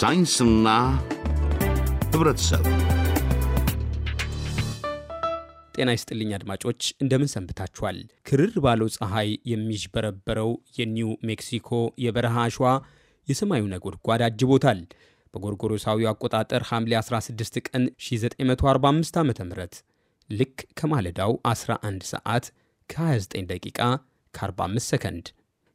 ሳይንስና ህብረተሰብ ጤና ይስጥልኝ አድማጮች፣ እንደምን ሰንብታችኋል? ክርር ባለው ፀሐይ የሚዥበረበረው የኒው ሜክሲኮ የበረሃ አሸዋ የሰማዩ ነጎድጓድ አጅቦታል። በጎርጎሮሳዊው አቆጣጠር ሐምሌ 16 ቀን 1945 ዓ ም ልክ ከማለዳው 11 ሰዓት ከ29 ደቂቃ ከ45 ሰከንድ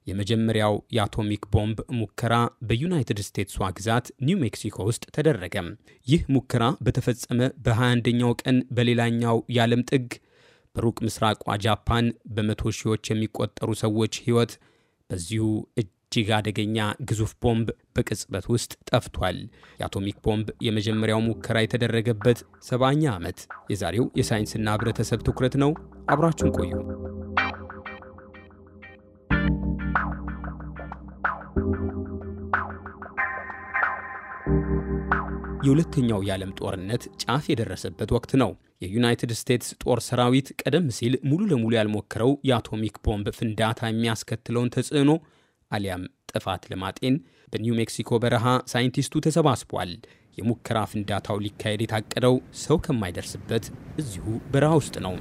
የመጀመሪያው የአቶሚክ ቦምብ ሙከራ በዩናይትድ ስቴትሷ ግዛት ኒው ሜክሲኮ ውስጥ ተደረገ። ይህ ሙከራ በተፈጸመ በ21ኛው ቀን በሌላኛው የዓለም ጥግ በሩቅ ምስራቋ ጃፓን በመቶ ሺዎች የሚቆጠሩ ሰዎች ሕይወት በዚሁ እጅግ አደገኛ ግዙፍ ቦምብ በቅጽበት ውስጥ ጠፍቷል። የአቶሚክ ቦምብ የመጀመሪያው ሙከራ የተደረገበት ሰባኛ ዓመት የዛሬው የሳይንስና ህብረተሰብ ትኩረት ነው። አብራችሁን ቆዩ። የሁለተኛው የዓለም ጦርነት ጫፍ የደረሰበት ወቅት ነው። የዩናይትድ ስቴትስ ጦር ሰራዊት ቀደም ሲል ሙሉ ለሙሉ ያልሞከረው የአቶሚክ ቦምብ ፍንዳታ የሚያስከትለውን ተጽዕኖ አሊያም ጥፋት ለማጤን በኒው ሜክሲኮ በረሃ ሳይንቲስቱ ተሰባስቧል። የሙከራ ፍንዳታው ሊካሄድ የታቀደው ሰው ከማይደርስበት እዚሁ በረሃ ውስጥ ነው።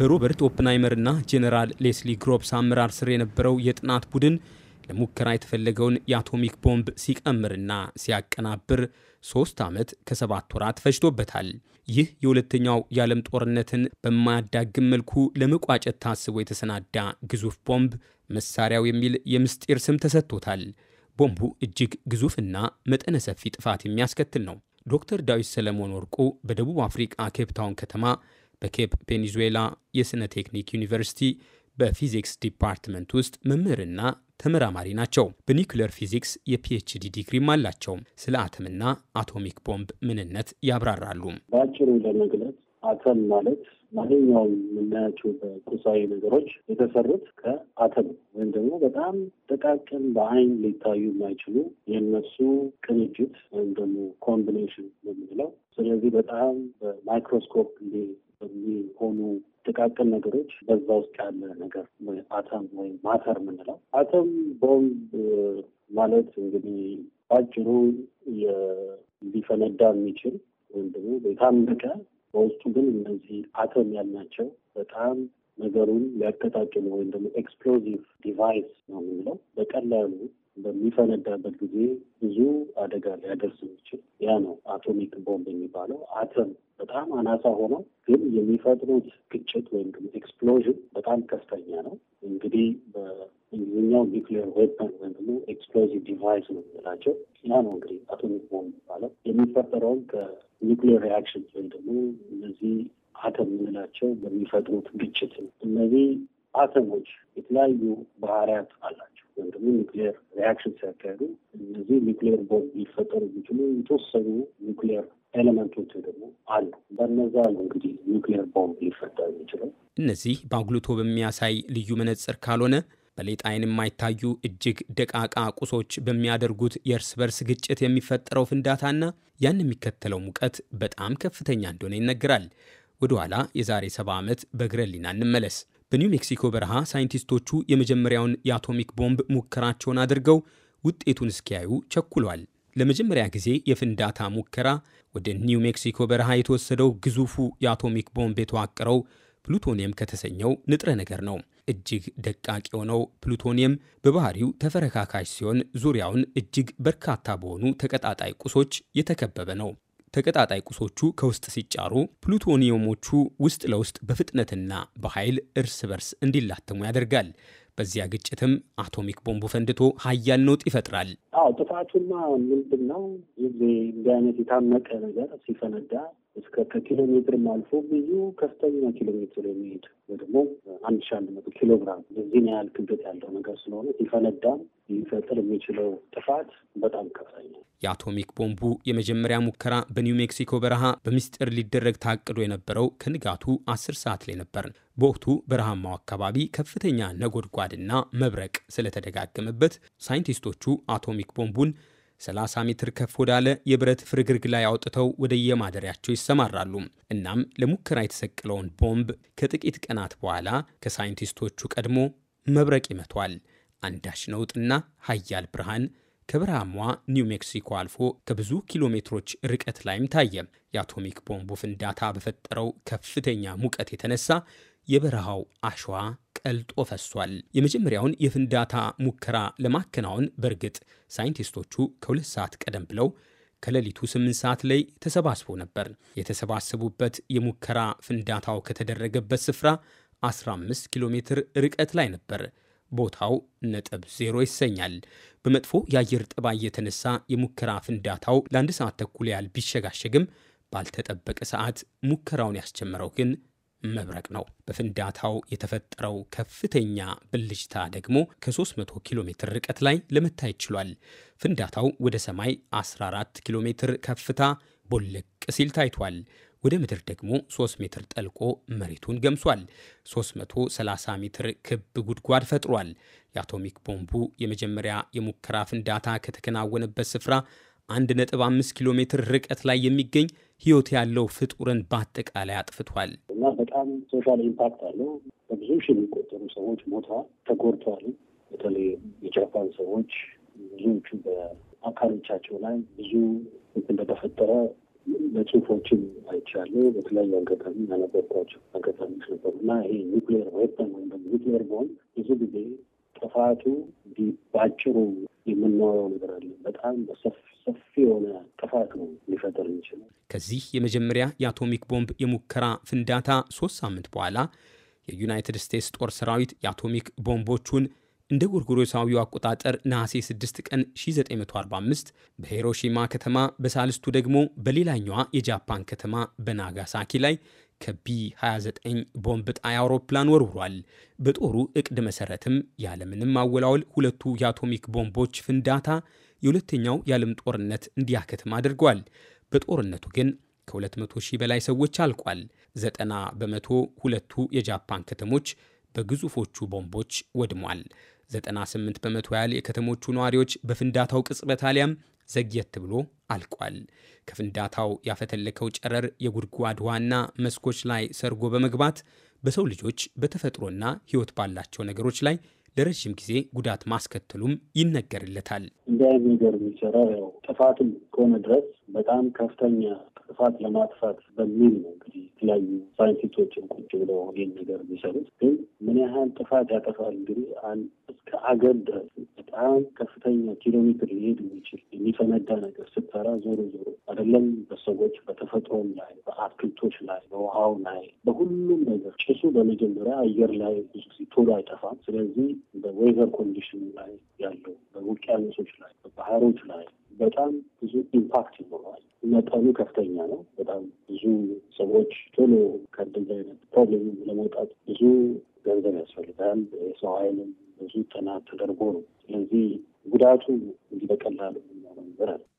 በሮበርት ኦፕንሃይመርና ጄኔራል ሌስሊ ግሮብስ አመራር ስር የነበረው የጥናት ቡድን ለሙከራ የተፈለገውን የአቶሚክ ቦምብ ሲቀምርና ሲያቀናብር ሶስት ዓመት ከሰባት ወራት ፈጅቶበታል። ይህ የሁለተኛው የዓለም ጦርነትን በማያዳግም መልኩ ለመቋጨት ታስቦ የተሰናዳ ግዙፍ ቦምብ መሳሪያው የሚል የምስጢር ስም ተሰጥቶታል። ቦምቡ እጅግ ግዙፍና መጠነ ሰፊ ጥፋት የሚያስከትል ነው። ዶክተር ዳዊት ሰለሞን ወርቁ በደቡብ አፍሪቃ ኬፕታውን ከተማ በኬፕ ቬኔዙዌላ የሥነ ቴክኒክ ዩኒቨርሲቲ በፊዚክስ ዲፓርትመንት ውስጥ መምህርና ተመራማሪ ናቸው። በኒውክለር ፊዚክስ የፒኤችዲ ዲግሪም አላቸው። ስለ አተምና አቶሚክ ቦምብ ምንነት ያብራራሉ። በአጭሩ ለመግለጽ አተም ማለት ማንኛውም የምናያቸው በቁሳዊ ነገሮች የተሰሩት ከአተም ወይም ደግሞ በጣም ጥቃቅን በአይን ሊታዩ የማይችሉ የነሱ ቅንጅት ወይም ደግሞ ኮምቢኔሽን የምንለው ስለዚህ በጣም በማይክሮስኮፕ እንዲ በሚሆኑ ጥቃቅን ነገሮች በዛ ውስጥ ያለ ነገር አተም ወይም ማተር የምንለው አተም ቦምብ ማለት እንግዲህ ባጭሩ ሊፈነዳ የሚችል ወይም ደግሞ የታመቀ በውስጡ ግን እነዚህ አተም ያልናቸው በጣም ነገሩን ሊያቀጣጥሉ ወይም ደግሞ ኤክስፕሎዚቭ ዲቫይስ ነው የምንለው በቀላሉ በሚፈነዳበት ጊዜ ብዙ አደጋ ሊያደርስ የሚችል ያ ነው አቶሚክ ቦምብ የሚባለው። አተም በጣም አናሳ ሆነው ግን የሚፈጥሩት ግጭት ወይም ደግሞ ኤክስፕሎዥን በጣም ከፍተኛ ነው። እንግዲህ በእንግሊዝኛው ኒክሊየር ዌፐን ወይም ደግሞ ኤክስፕሎዚቭ ዲቫይስ ነው የምንላቸው። ያ ነው እንግዲህ አቶሚክ ቦምብ የሚባለው የሚፈጠረውም ከኒክሊየር ሪያክሽን ወይም ደግሞ እነዚህ አተም የምንላቸው በሚፈጥሩት ግጭት ነው። እነዚህ አተሞች የተለያዩ ባህሪያት አላቸው። ወይም ደግሞ ኒክሌር ሪያክሽን ሲያካሄዱ እነዚህ ኒክሌር ቦምብ ሊፈጠሩ የሚችሉ የተወሰኑ ኒክሌር ኤሌመንቶች ደግሞ አሉ። በነዛ ነው እንግዲህ ኒክሌር ቦምብ ሊፈጠር የሚችለው። እነዚህ በአጉልቶ በሚያሳይ ልዩ መነጽር ካልሆነ በሌጥ አይን የማይታዩ እጅግ ደቃቃ ቁሶች በሚያደርጉት የእርስ በርስ ግጭት የሚፈጠረው ፍንዳታና ያን የሚከተለው ሙቀት በጣም ከፍተኛ እንደሆነ ይነገራል። ወደ ኋላ የዛሬ ሰባ ዓመት በግረሊና እንመለስ። በኒው ሜክሲኮ በረሃ ሳይንቲስቶቹ የመጀመሪያውን የአቶሚክ ቦምብ ሙከራቸውን አድርገው ውጤቱን እስኪያዩ ቸኩሏል። ለመጀመሪያ ጊዜ የፍንዳታ ሙከራ ወደ ኒው ሜክሲኮ በረሃ የተወሰደው ግዙፉ የአቶሚክ ቦምብ የተዋቀረው ፕሉቶኒየም ከተሰኘው ንጥረ ነገር ነው። እጅግ ደቃቅ የሆነው ፕሉቶኒየም በባህሪው ተፈረካካሽ ሲሆን ዙሪያውን እጅግ በርካታ በሆኑ ተቀጣጣይ ቁሶች የተከበበ ነው። ተቀጣጣይ ቁሶቹ ከውስጥ ሲጫሩ ፕሉቶኒየሞቹ ውስጥ ለውስጥ በፍጥነትና በኃይል እርስ በርስ እንዲላተሙ ያደርጋል። በዚያ ግጭትም አቶሚክ ቦምቡ ፈንድቶ ሀያል ነውጥ ይፈጥራል። አዎ ጥፋቱማ ምንድን ነው? ይህ እንዲህ አይነት የታመቀ ነገር ሲፈነዳ እስከ ከኪሎ ሜትርም አልፎ ብዙ ከፍተኛ ኪሎ ሜትር የሚሄድ ወይ ደግሞ አንድ ሺ አንድ መቶ ኪሎ ግራም በዚህ ያህል ክብደት ያለው ነገር ስለሆነ ሊፈነዳ ሊፈጥር የሚችለው ጥፋት በጣም ከፍተኛ። የአቶሚክ ቦምቡ የመጀመሪያ ሙከራ በኒው ሜክሲኮ በረሃ በሚስጥር ሊደረግ ታቅዶ የነበረው ከንጋቱ አስር ሰዓት ላይ ነበር። በወቅቱ በረሃማው አካባቢ ከፍተኛ ነጎድጓድና መብረቅ ስለተደጋገመበት ሳይንቲስቶቹ አቶሚክ ቦምቡን 30 ሜትር ከፍ ወዳለ የብረት ፍርግርግ ላይ አውጥተው ወደ የማደሪያቸው ይሰማራሉ። እናም ለሙከራ የተሰቀለውን ቦምብ ከጥቂት ቀናት በኋላ ከሳይንቲስቶቹ ቀድሞ መብረቅ ይመቷል። አንዳች ነውጥና ሀያል ብርሃን ከበረሃማ ኒው ሜክሲኮ አልፎ ከብዙ ኪሎ ሜትሮች ርቀት ላይም ታየ። የአቶሚክ ቦምቡ ፍንዳታ በፈጠረው ከፍተኛ ሙቀት የተነሳ የበረሃው አሸዋ ቀልጦ ፈሷል። የመጀመሪያውን የፍንዳታ ሙከራ ለማከናወን በእርግጥ ሳይንቲስቶቹ ከሁለት ሰዓት ቀደም ብለው ከሌሊቱ ስምንት ሰዓት ላይ ተሰባስበው ነበር። የተሰባሰቡበት የሙከራ ፍንዳታው ከተደረገበት ስፍራ 15 ኪሎ ሜትር ርቀት ላይ ነበር። ቦታው ነጥብ ዜሮ ይሰኛል። በመጥፎ የአየር ጠባይ የተነሳ የሙከራ ፍንዳታው ለአንድ ሰዓት ተኩል ያህል ቢሸጋሸግም ባልተጠበቀ ሰዓት ሙከራውን ያስጀመረው ግን መብረቅ ነው። በፍንዳታው የተፈጠረው ከፍተኛ ብልጭታ ደግሞ ከ300 ኪሎ ሜትር ርቀት ላይ ለመታየት ችሏል። ፍንዳታው ወደ ሰማይ 14 ኪሎ ሜትር ከፍታ ቦልቅ ሲል ታይቷል። ወደ ምድር ደግሞ 3 ሜትር ጠልቆ መሬቱን ገምሷል። 330 ሜትር ክብ ጉድጓድ ፈጥሯል። የአቶሚክ ቦምቡ የመጀመሪያ የሙከራ ፍንዳታ ከተከናወነበት ስፍራ 1.5 ኪሎ ሜትር ርቀት ላይ የሚገኝ ህይወት ያለው ፍጡርን በአጠቃላይ አጥፍቷል እና በጣም ሶሻል ኢምፓክት አለው። በብዙ ሺህ የሚቆጠሩ ሰዎች ሞተዋል፣ ተጎድተዋል። በተለይ የጃፓን ሰዎች ብዙዎቹ በአካሎቻቸው ላይ ብዙ እንደተፈጠረ በጽሁፎችም አይቻለሁ። በተለያዩ አጋጣሚ ያነበርኳቸው አጋጣሚዎች ነበሩ እና ይሄ ኒክሌር ዌፐን ወይም ደግሞ ኒክሌር ቦምብ ብዙ ጊዜ ጥፋቱ ባጭሩ የምናወራው ነገር አለ። በጣም በሰፍ የሆነ ጥፋት ነው ሊፈጥር የሚችለው። ከዚህ የመጀመሪያ የአቶሚክ ቦምብ የሙከራ ፍንዳታ ሶስት ሳምንት በኋላ የዩናይትድ ስቴትስ ጦር ሰራዊት የአቶሚክ ቦምቦቹን እንደ ጎርጎሮሳዊው አቆጣጠር ነሐሴ 6 ቀን 1945 በሂሮሺማ ከተማ በሳልስቱ ደግሞ በሌላኛዋ የጃፓን ከተማ በናጋሳኪ ላይ ከቢ29 ቦምብ ጣይ አውሮፕላን ወርውሯል። በጦሩ እቅድ መሠረትም ያለምንም አወላወል ሁለቱ የአቶሚክ ቦምቦች ፍንዳታ የሁለተኛው የዓለም ጦርነት እንዲያከትም አድርጓል። በጦርነቱ ግን ከ200 ሺህ በላይ ሰዎች አልቋል። 90 በመቶ ሁለቱ የጃፓን ከተሞች በግዙፎቹ ቦምቦች ወድሟል። 98 በመቶ ያህል የከተሞቹ ነዋሪዎች በፍንዳታው ቅጽበት አሊያም ዘግየት ብሎ አልቋል። ከፍንዳታው ያፈተለከው ጨረር የጉድጓድ ውሃና መስኮች ላይ ሰርጎ በመግባት በሰው ልጆች በተፈጥሮና ሕይወት ባላቸው ነገሮች ላይ ለረዥም ጊዜ ጉዳት ማስከተሉም ይነገርለታል። እንዲህ ነገር የሚሰራው ያው ጥፋትም ከሆነ ድረስ በጣም ከፍተኛ ጥፋት ለማጥፋት በሚል ነው እንግዲህ የተለያዩ ሳይንቲስቶችን ቁጭ ብለው ይህን ነገር የሚሰሩት። ግን ምን ያህል ጥፋት ያጠፋል እንግዲህ እስከ አገር ድረስ በጣም ከፍተኛ ኪሎ ሜትር ሊሄድ የሚችል የሚፈነዳ ነገር ስትሰራ ዞሮ ዞሮ አይደለም በሰዎች በተፈጥሮም ላይ በአትክልቶች ላይ በውሃው ላይ በሁሉም ነገር ጭሱ በመጀመሪያ አየር ላይ ብዙ ጊዜ ቶሎ አይጠፋም። ስለዚህ በዌዘር ኮንዲሽን ላይ ያለው በውቅያኖሶች ላይ በባህሮች ላይ በጣም ብዙ ኢምፓክት ይኖረዋል። መጠኑ ከፍተኛ ነው። በጣም ብዙ ሰዎች ቶሎ ከእንደዚህ አይነት ፕሮብሌም ለመውጣት ብዙ ገንዘብ ያስፈልጋል። የሰው ኃይልም ብዙ ጥናት ተደርጎ ነው። ስለዚህ ጉዳቱ እንዲህ በቀላሉ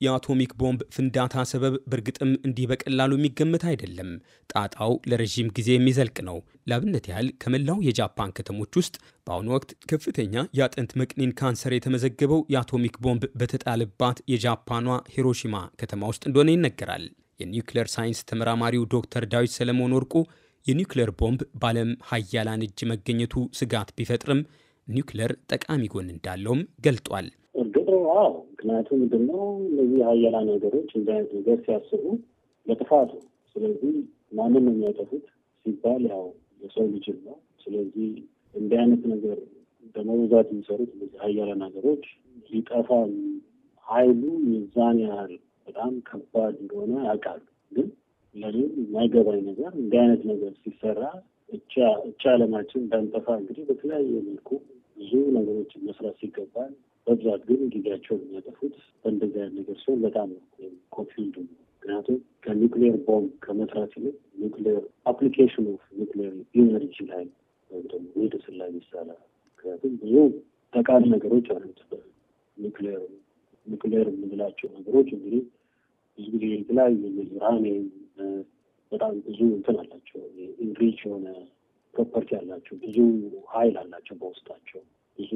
የአቶሚክ ቦምብ ፍንዳታ ሰበብ በእርግጥም እንዲህ በቀላሉ የሚገመት አይደለም። ጣጣው ለረዥም ጊዜ የሚዘልቅ ነው። ለአብነት ያህል ከመላው የጃፓን ከተሞች ውስጥ በአሁኑ ወቅት ከፍተኛ የአጥንት መቅኒን ካንሰር የተመዘገበው የአቶሚክ ቦምብ በተጣለባት የጃፓኗ ሂሮሺማ ከተማ ውስጥ እንደሆነ ይነገራል። የኒውክሌር ሳይንስ ተመራማሪው ዶክተር ዳዊት ሰለሞን ወርቁ የኒውክሌር ቦምብ በዓለም ሀያላን እጅ መገኘቱ ስጋት ቢፈጥርም ኒውክለር ጠቃሚ ጎን እንዳለውም ገልጧል። እርግጥ አዎ፣ ምክንያቱም ምንድነው እነዚህ ሀያላ ነገሮች እንደ አይነት ነገር ሲያስቡ ለጥፋቱ ስለዚህ ማንም ነው የሚያጠፉት ሲባል ያው የሰው ልጅ ነው። ስለዚህ እንዲህ አይነት ነገር በመብዛት የሚሰሩት እነዚህ ሀያላ ነገሮች ሊጠፋ ሀይሉ የዛን ያህል በጣም ከባድ እንደሆነ ያውቃሉ። ግን ለእኔ የማይገባኝ ነገር እንዲህ አይነት ነገር ሲሰራ እቺ አለማችን እንዳንጠፋ እንግዲህ በተለያየ መልኩ ብዙ ነገሮችን መስራት ሲገባል፣ በብዛት ግን ጊዜያቸውን የሚያጠፉት በእንደዚህ አይነት ነገር ሲሆን በጣም ኮንፊውድ ነው። ምክንያቱም ከኒክሌር ቦምብ ከመስራት ይልቅ ኒክሌር አፕሊኬሽን ኦፍ ኒክሌር ኢነርጂ ላይ ወይም ደግሞ ሜዲስን ላይ ይሳላል። ምክንያቱም ብዙ ጠቃሚ ነገሮች አሉት ኒውክሌር ኒክሌር የምንላቸው ነገሮች እንግዲህ ብዙ ጊዜ የተለያዩ ዩራኒየም በጣም ብዙ እንትን አላቸው። ኢንሪች የሆነ ፕሮፐርቲ አላቸው። ብዙ ኃይል አላቸው በውስጣቸው። ብዙ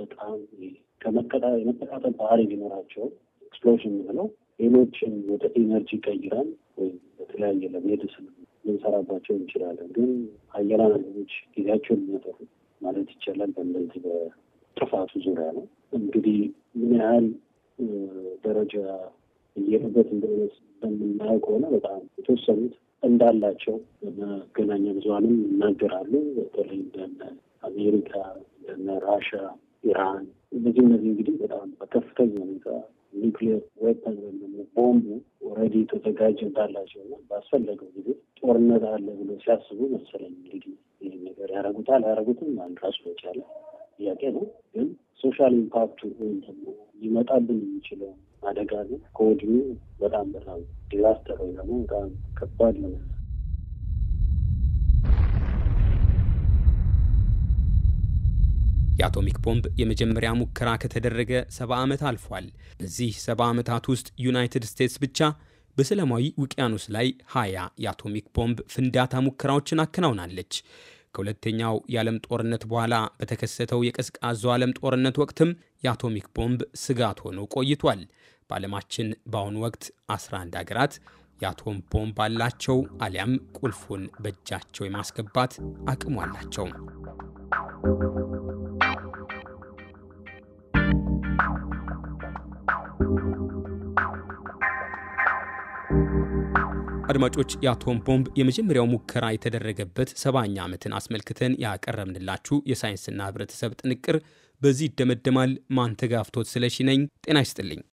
በጣም የመጠቃጠል ባህሪ ሊኖራቸው ኤክስፕሎሽን የምንለው ሌሎችን ወደ ኤነርጂ ቀይረን ወይም በተለያየ ለሜዲስን ልንሰራባቸው እንችላለን። ግን ሀያላን ሀይሎች ጊዜያቸውን የሚያጠፉት ማለት ይቻላል በእነዚህ በጥፋቱ ዙሪያ ነው። እንግዲህ ምን ያህል ደረጃ እየሄዱበት እንደሆነ በምናየው ከሆነ በጣም የተወሰኑት እንዳላቸው መገናኛ ብዙኃንም ይናገራሉ። በተለይ እንደነ አሜሪካ፣ እንደነ ራሻ፣ ኢራን እነዚህ እነዚህ እንግዲህ በጣም በከፍተኛ ሁኔታ ኒክሌር ዌፐን ወይም ደግሞ ቦምቡ ኦልሬዲ የተዘጋጀ እንዳላቸው እና ባስፈለገው ጊዜ ጦርነት አለ ብሎ ሲያስቡ መሰለኝ እንግዲህ ይህ ነገር ያደረጉታል። አያደረጉትም አንድ ራሱ የቻለ ጥያቄ ነው። ግን ሶሻል ኢምፓክቱ ወይም ደግሞ ሊመጣብን የሚችለው አደጋ ነው። ከወዲሁ በጣም በጣም ዲዛስተር ወይ ደግሞ በጣም ከባድ ነው። የአቶሚክ ቦምብ የመጀመሪያ ሙከራ ከተደረገ ሰባ ዓመት አልፏል። በዚህ ሰባ ዓመታት ውስጥ ዩናይትድ ስቴትስ ብቻ በሰላማዊ ውቅያኖስ ላይ 20 የአቶሚክ ቦምብ ፍንዳታ ሙከራዎችን አከናውናለች። ከሁለተኛው የዓለም ጦርነት በኋላ በተከሰተው የቀዝቃዛው ዓለም ጦርነት ወቅትም የአቶሚክ ቦምብ ስጋት ሆኖ ቆይቷል። በዓለማችን በአሁኑ ወቅት 11 አገራት የአቶም ቦምብ አላቸው አሊያም ቁልፉን በእጃቸው የማስገባት አቅሙ አላቸው። አድማጮች የአቶም ቦምብ የመጀመሪያው ሙከራ የተደረገበት ሰባኛ ዓመትን አስመልክተን ያቀረብንላችሁ የሳይንስና ህብረተሰብ ጥንቅር በዚህ ይደመደማል። ማንተጋፍቶት ስለሺ ነኝ። ጤና ይስጥልኝ።